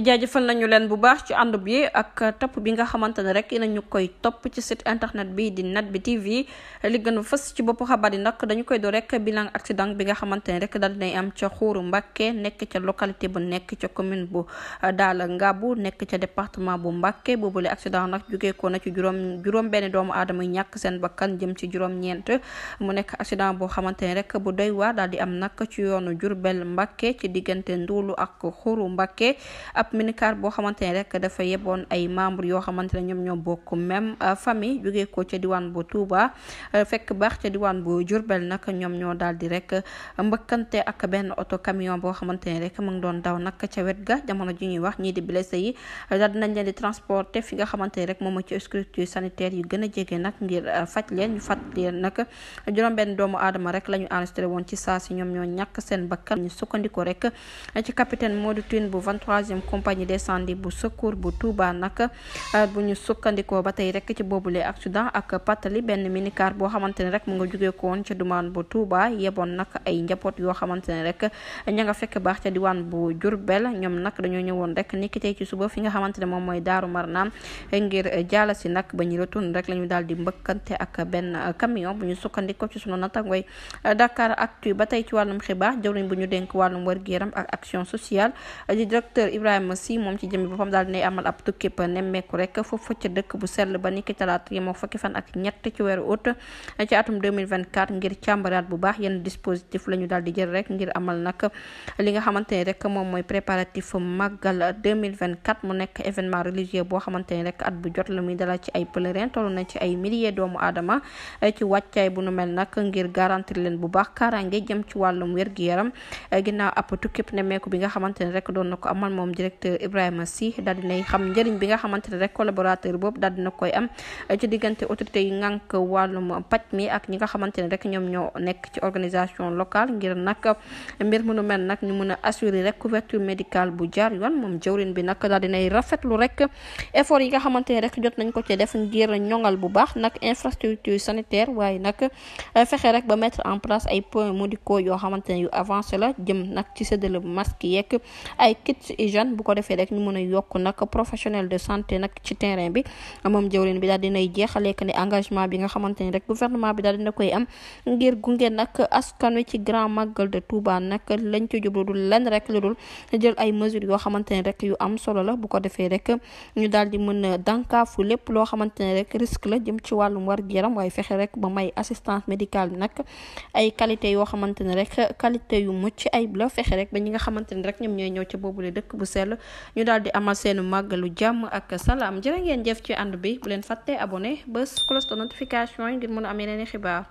jaajëfal nañu leen bu baax ci ànd bi ak tapp bi nga xamante ne rek nañu koy topp ci site internet bi di net bi TV li gën a fës ci bopp xabaar yi nag dañu koy door rek bilan accident bi nga xamante ne rek daal dinay am ca Xuuru Mbàkke nekk ci localité bu nekk ca commune bu Daala Ngabu nekk ca département bu Mbàkke boobule accident nag jugee na ci juróom juróom benn doomu aadama ñàkk seen bakkan jëm ci juróom-ñeent mu nekk accident boo xamante ne rek bu doy waa daal di am nag ci yoonu Jurbel Mbàkke ci diggante Nduulu ak Xuuru Mbàkke ab minicar boo xamante ne rek dafa yeboon ay membre yoo xamante ne ñoom ñoo bokk même euh, famille jógee ko ca diwaan bu Touba euh, fekk baax ca diwaan bu Diourbel nag ñoom ñoo daal di rek euh, mbëkkante ak benn oto camion boo xamante ne rek mën doon daw nag ca wet ga jamono ji ñuy wax ñii di blessé yi daal dinañ leen di nga xamante ne rek moom ci structure sanitaire yu gën a jege nag ngir faj leen ñu faj nag juróom-benn doomu aadama rek la ñu enregistré woon ci saa si ñoom ñoo ñàkk seen bakkan ñu sukkandiku rek ci capitaine Modou bu compagnie d'incendie bu secours bu Touba nag euh, bu ñu sukkandikoo ba tey rek ci boobu boobule accident ak patali benn minicar boo xamante ne rek mu nga jugee koon woon ca dumaan bu Touba yeboon nag ay njaboot yoo xamante ne rek ña nga fekk baax ca diwaan bu Jurbel ñoom nag dañoo ñëwoon rek niki tey ci suba fi nga xamante ne moom mooy Daaru marnaam ngir jaala si nag ba ñu retourné rek la ñu daal di mbëkkante ak benn camion bu ñu sukkandikoo ci sunu nattangooy Dakar Actu ba tey ci wàllum xibaar jëwriñ bu ñu dénk wàllum wër yaram ak action sociale Ibrahima Sy moom ci jëmmi boppam daal dinay amal ab tukkib nemmeeku rek foofu ca la ñu daal di jël rek ngir amal nag li mooy préparatif màggal 2024 mu nekk événement religieux boo xamante rek at bu jot la muy ci ay pèlerin toll na ci ay milliers doomu aadama ci wàccaay bu nu mel nag ngir garantir leen bu baax kaaraange jëm ci wàllum wér-gu-yaram ginnaaw ab tukkib nemmeeku bi nga xamante rek doon ko amal moom direct directeur Ibrahima Sy daal dinay xam njëriñ bi nga xamante ne rek collaborateur boobu daal dina koy am eh, ci diggante autorité yu ngànk wàllum paj mi ak ñi nga xamante ne rek ñoom ñoo nekk ci organisation locale ngir nag mbir mënu mel nag ñu mën a assurer rek couverture médicale bu jaar yoon moom jawrin bi nag daal dinay rafetlu rek effort yi nga xamante ne rek jot nañ ko ci def ngir ñoŋal bu baax nag infrastructure sanitaire waaye nag eh, fexe rek ba mettre en place ay points médicaux yoo xamante ne yu la jëm nag ci séddale masque yeeg ñaan bu ko defee rek ñu mën a yokk nag professionnel de santé nag ci terrain bi moom jëwrin bi daal dinay jeexalee que ne engagement bi nga xamante ni rek gouvernement bi daal dina koy de Touba nag lañ ci jublu dul lenn rek ne rek la bu ko defee rek ñu daal di a dànkaafu lépp loo xamante ne rek risque la jëm ci wàllum war gi yaram waaye fexe rek ba may assistance médicale bi ay qualité yoo xamante rek qualité yu mucc ayib la fexe rek ba ñi nga xamante rek ñoom ñooy ñëw ca boobule dëkk sell ñu daal di amal seenu màggalu jàmm ak salaam jërë ngeen jëf ci ànd bi bu leen fàttee abonné bés cloche notification yi ngir mën a am yeneen i xibaar